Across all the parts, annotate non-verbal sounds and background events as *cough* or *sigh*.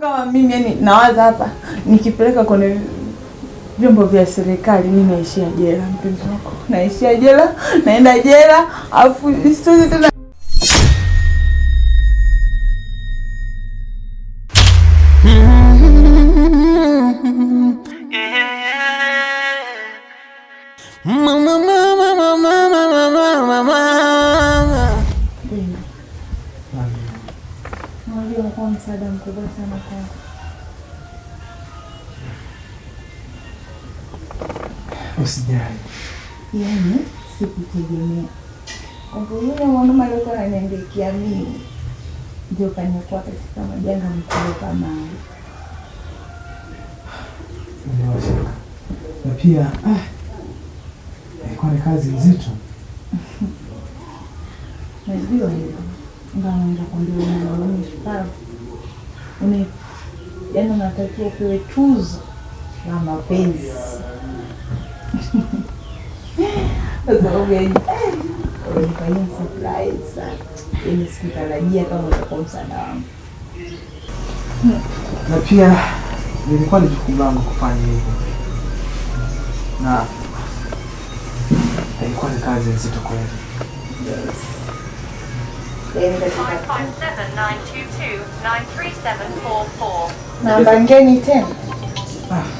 Kama mimi yani nawaza hapa nikipeleka kwenye vyombo vya serikali mimi naishia jela, mpenzi wako, naishia jela, naenda jela, afu siwezi tena Yule mwanaume alikuwa ananiandikia mimi ndio kaniokoa katika majanga mkubwa kama na pia ah, ilikuwa ni kazi nzito. Najua hivyo ngaangakwambia mwanaume shupavu n yaani, unatakiwa upewe tuzo na mapenzi *laughs* kwa sababu ulifanyia surprise sana, sikutarajia kama utakuwa msaada wangu, na pia nilikuwa ni jukumu langu kufanya hivyo, na ilikuwa ni kazi nzito kweli. Namba ngeni tena. Ah.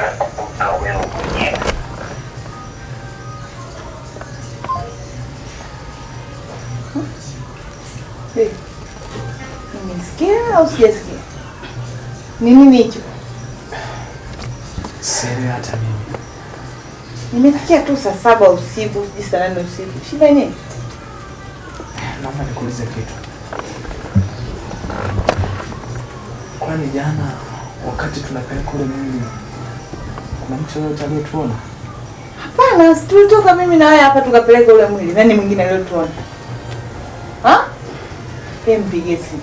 kukuza Nimesikia au sijasikia? Ni nini hicho? Siri hata mimi. Nimesikia tu saa saba usiku, sijui saa nane usiku. Shida nini? Naomba nikuulize kitu. Kwani jana wakati tunapeleka kule mimi kuna mtu yoyote aliyetuona? Hapana, tulitoka mimi na wewe hapa tukapeleka ule mwili. Nani mwingine aliyetuona? Ha? Mpigie simu.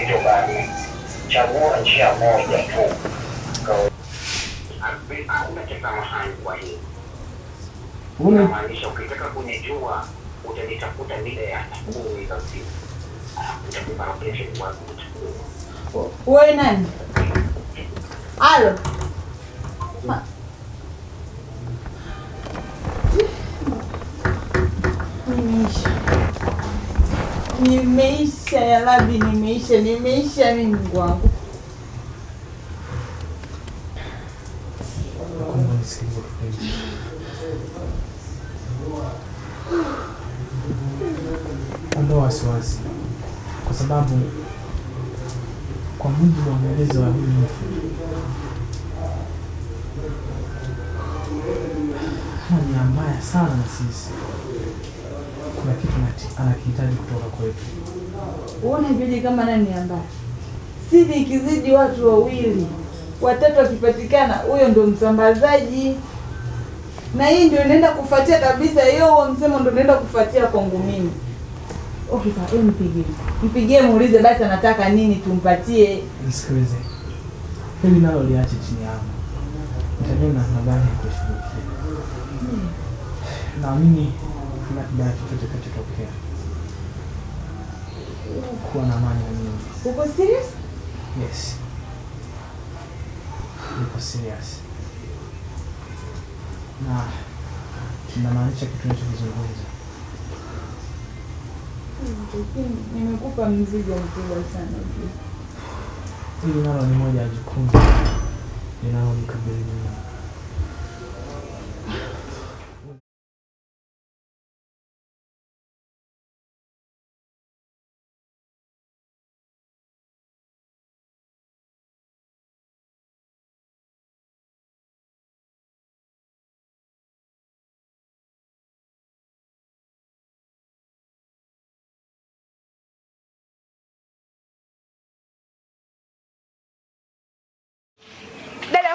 hivyo basi chagua njia moja tu. Hauna samahani kwa hii, namaanisha ukitaka kunijua utanitafuta mida ya asubuhi za usiku, nitakupa location wako uwe nani. Halo. Hmm. Nimeisha ya Rabi, nimeisha, nimeisha mimi Mungu wangu. Ondoa wasiwasi, kwa sababu kwa mujibu wa maelezo ya huyu mfu hali mbaya sana na sisi kuna kitu anakihitaji kutoka kwetu. Uone bidi kama nani ambaye siri ikizidi watu wawili watatu wakipatikana, huyo ndo msambazaji, na hii ndio inaenda kufuatia kabisa. Hiyo huo msemo ndo inaenda kufuatia kwangu mimi. Okay, sasa mpigie, mpigie muulize basi anataka nini tumpatie. Nisikilize hili nalo liache chini yangu, nitajua namna ya kushughulikia. Hmm. Naamini hakuna kibaya chochote kinachotokea. Kuwa na amani mwenyewe. Uko serious? Yes. Niko serious. Na inamaanisha kitu ninachozungumza. Nimekupa mzigo mkubwa sana. Hili nalo ni moja ya jukumu linalonikabili mimi.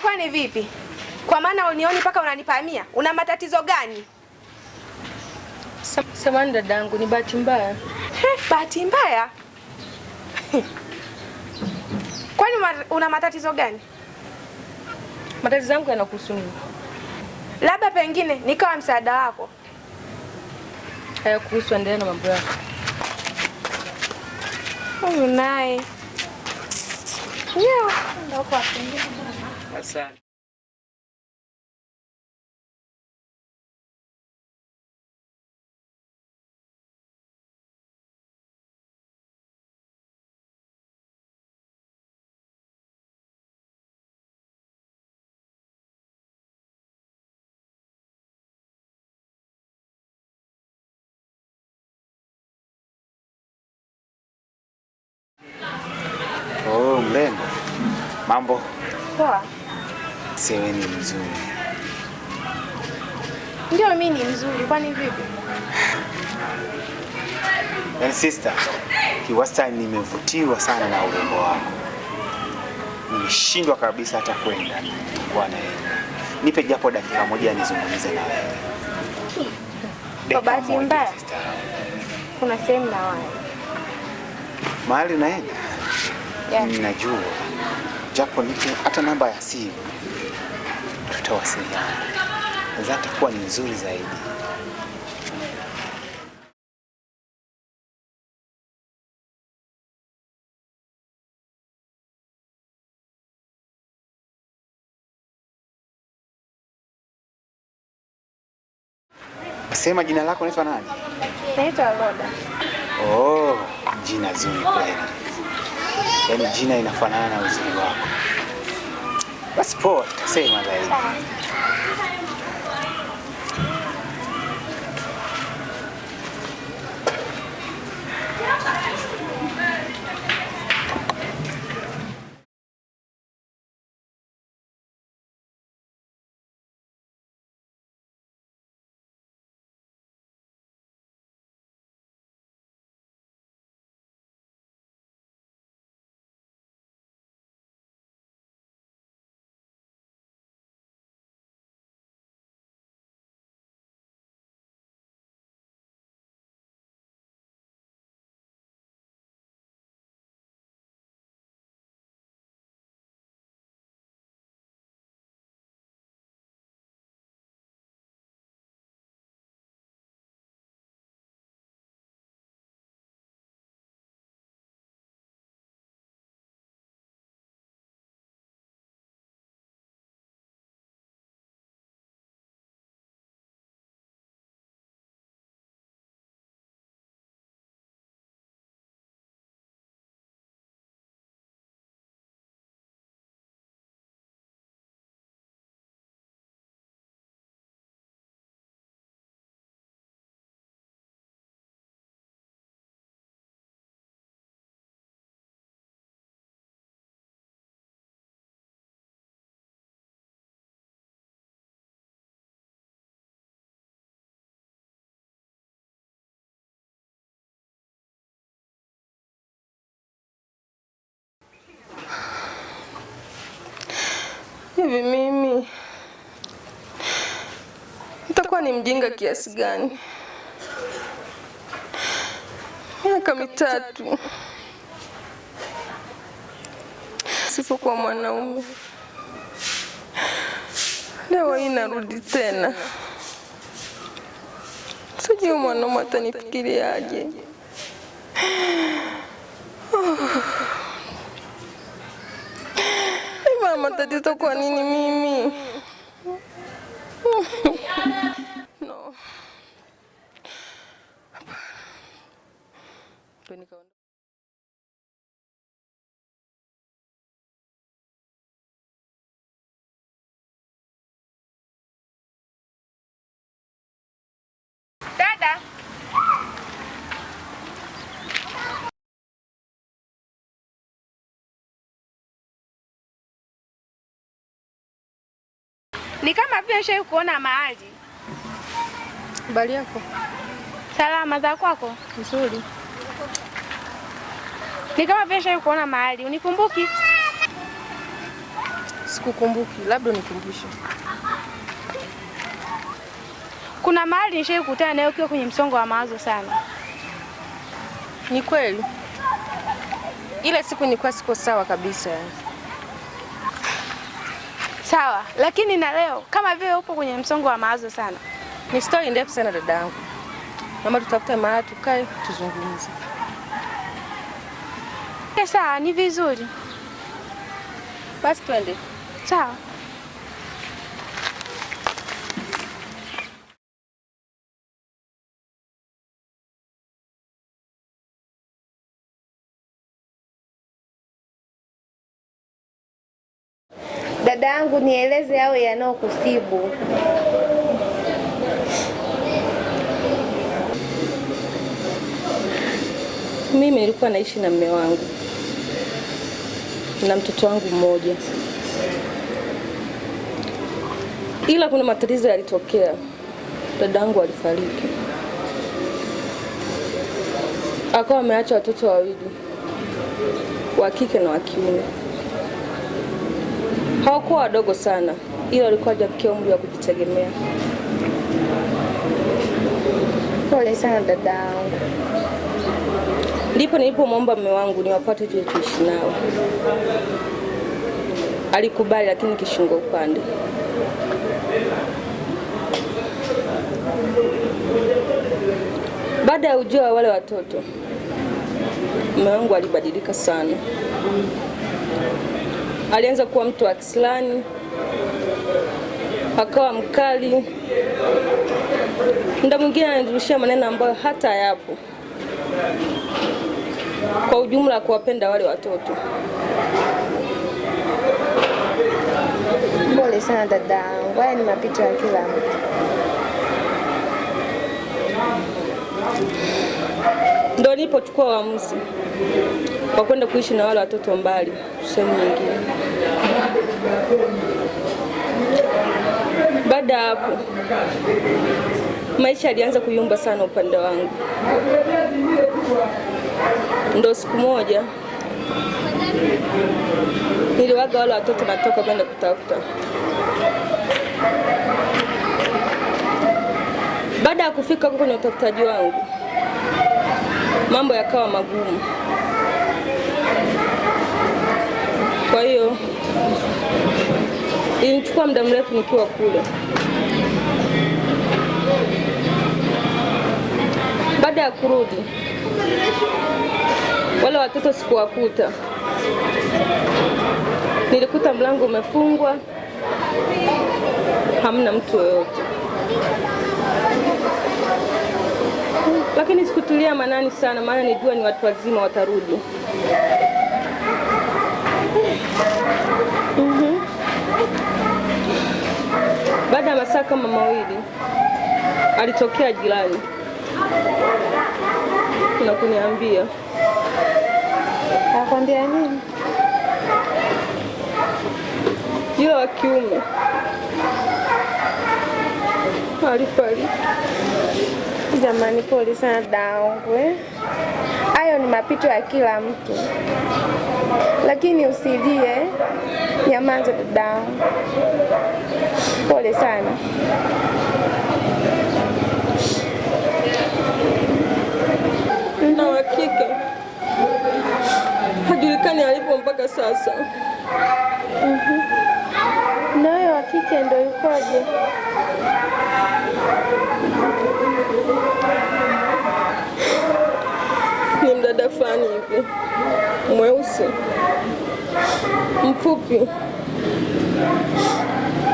kwani vipi? Kwa maana unioni mpaka unanipamia, una matatizo gani? Samani dadangu, ni bahati mbaya. Bahati mbaya? Kwani una matatizo gani? Matatizo yangu yanakuhusu nini? Labda pengine nikawa msaada wako. Hayakuhusu, endelea na mambo yako. Huyu naye That's sad. Aise, wewe ni mzuri. Ndio, mimi ni mzuri, kwani vipi? Yaani sister, kiwastani nimevutiwa sana na urembo wako, nimeshindwa kabisa hata kwenda kwa naenda. Nipe japo dakika moja nizungumze na wewe. Kwa bahati mbaya kuna sehemu na wewe mahali naenda, yeah. Ninajua japo nipe hata namba ya simu kutoa sindano, zatakuwa ni nzuri zaidi. Sema jina lako, naitwa nani? Naitwa Loda. Oh, jina zuri kweli, yaani jina inafanana na uzuri wako. Say my name. hivi mimi nitakuwa ni mjinga kiasi gani? Miaka mitatu sipokuwa mwanaume, leo hii narudi tena. Sijui mwanaume atanifikiriaje. Oh. Tatizo kwa nini mimi? No. Ni kama vile shai kuona mahali. Habari yako? Salama, za kwako? Nzuri. Ni kama vile nishawahi kuona mahali, unikumbuki? Sikukumbuki, labda unikumbushe. Kuna mahali nishawahi kukutana nayo ukiwa kwenye msongo wa mawazo sana. Ni kweli, ile siku nilikuwa siko sawa kabisa yani. Sawa, lakini na leo kama vile upo kwenye msongo wa mawazo sana. Ni stori ndefu sana dada yangu. Mama, tutafute mahali tukae tuzungumze. Eh, sawa, ni vizuri. Basi twende. Sawa. Dada yangu, nieleze yawe yanayokusibu. Mimi nilikuwa naishi na mume wangu na mtoto wangu mmoja, ila kuna matatizo yalitokea. Dada yangu alifariki, akawa ameacha watoto wawili, wa kike na wa kiume. Hawakuwa wadogo sana, ila walikuwa hawajafikia umri wa kujitegemea. Pole sana dada yangu. Ndipo nilipomwomba mume wangu niwapate tuje tuishi nao. Alikubali, lakini kishungo upande. Baada ya ujio wa wale watoto, mume wangu alibadilika sana alianza kuwa mtu wa kisilani, akawa mkali, muda mwingine ananirushia maneno ambayo hata yapo Kwa ujumla, kuwapenda wale watoto. Pole sana dadangu, haya ni mapito ya kila mtu walipochukua uamuzi wa kwenda kuishi na wale watoto mbali sehemu nyingine. Baada ya hapo maisha yalianza kuyumba sana upande wangu. Ndo siku moja niliwaga wale watoto natoka kwenda kutafuta. Baada ya kufika huko kwenye utafutaji wangu mambo yakawa magumu. Kwa hiyo ilichukua muda mrefu nikiwa kule. Baada ya kurudi, wale watoto sikuwakuta, nilikuta mlango umefungwa, hamna mtu yoyote lakini sikutulia manani sana, maana nijua ni watu wazima watarudi. mm -hmm. Baada ya masaa kama mawili alitokea jirani na kuniambia. Akwambia nini? Yule wa kiume alifariki. Jamani, pole sana dangwe, hayo ni mapito ya kila mtu, lakini usilie, nyamanzo dadangu, pole sana. na wa kike hajulikani alipo mpaka sasa. Mda mhm. huyo wa kike ndo yukoje? Ni mdada fulani hivi mweusi mfupi,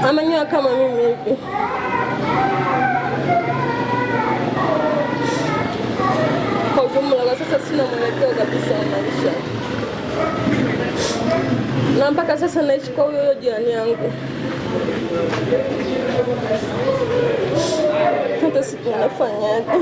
amenyoa kama mimi hivi. Kwa ujumla, kwa sasa sina mwelekeo kabisa wa maisha, na mpaka sasa naishi kwa huyo huyo jirani yangu hata sijui nafanyaje.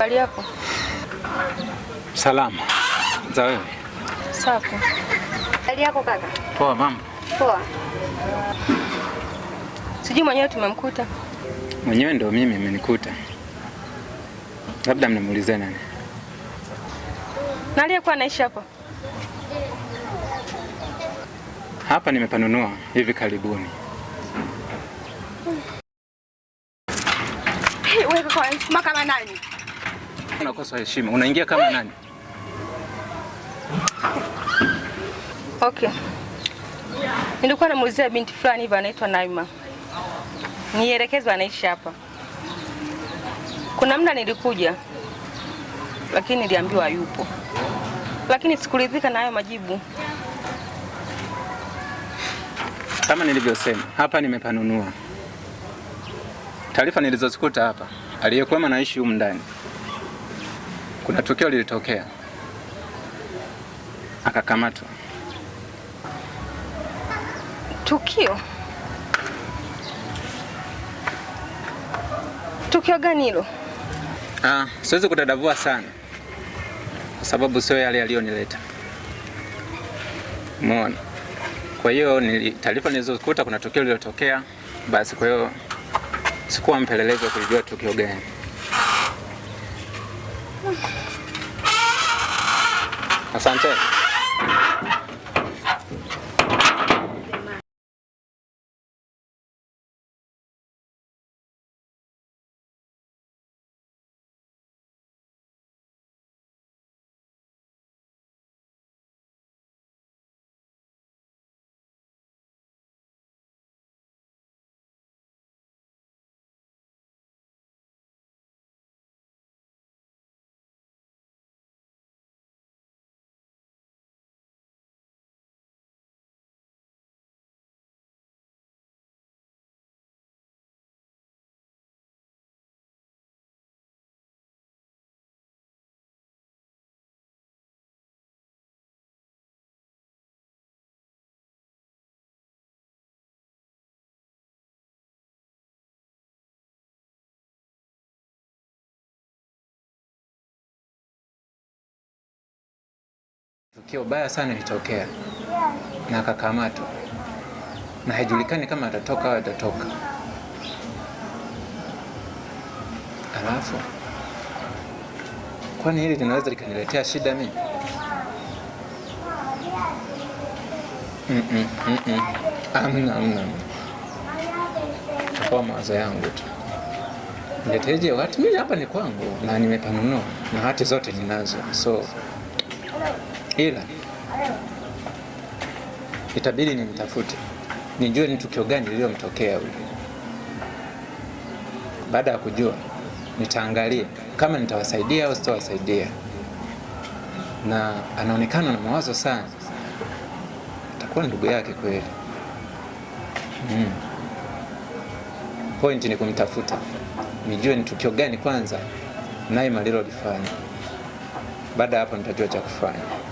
Habari yako? Salama. Za wewe? Safi. Hali yako kaka? Poa mama. Poa. Sijui mwenyewe tumemkuta. Mwenyewe ndio mimi mmenikuta. Labda mnamuuliza nani? Na aliyekuwa anaishi hapa? Hapa nimepanunua hivi karibuni. Hey, wewe kama nani? Unakosa heshima, unaingia kama nani? Okay, nilikuwa namuuzia binti fulani hivi anaitwa Naima, nielekezwa anaishi hapa. Kuna muda nilikuja, lakini niliambiwa yupo. lakini sikuridhika na hayo majibu. Kama nilivyosema hapa, nimepanunua taarifa nilizozikuta hapa, aliyekuwa anaishi humu ndani kuna tukio lilitokea, akakamatwa. Tukio? Tukio gani hilo? Ah, siwezi kudadavua sana kwa sababu sio yale yaliyonileta. mona Kwa hiyo taarifa nilizokuta kuna tukio lililotokea, basi kwa hiyo sikuwa mpelelezi wa kulijua tukio gani. 三岁。Tukio baya sana litokea na akakamatwa, na haijulikani kama atatoka au atatoka. Alafu kwani hili linaweza likaniletea shida mimi? mm -mm, mm -mm. Amna, amna, kwa mawazo yangu tu. Nileteje watu? Mimi hapa ni kwangu na nimepanunua na hati zote ninazo so ila itabidi nimtafute nijue ni tukio gani iliyomtokea huyu. Baada ya kujua, nitaangalia kama nitawasaidia au sitawasaidia. Na anaonekana na mawazo sana, atakuwa ndugu yake kweli. Mm. Point ni kumtafuta nijue ni tukio gani kwanza naye lifanya. Baada ya hapo, nitajua cha kufanya.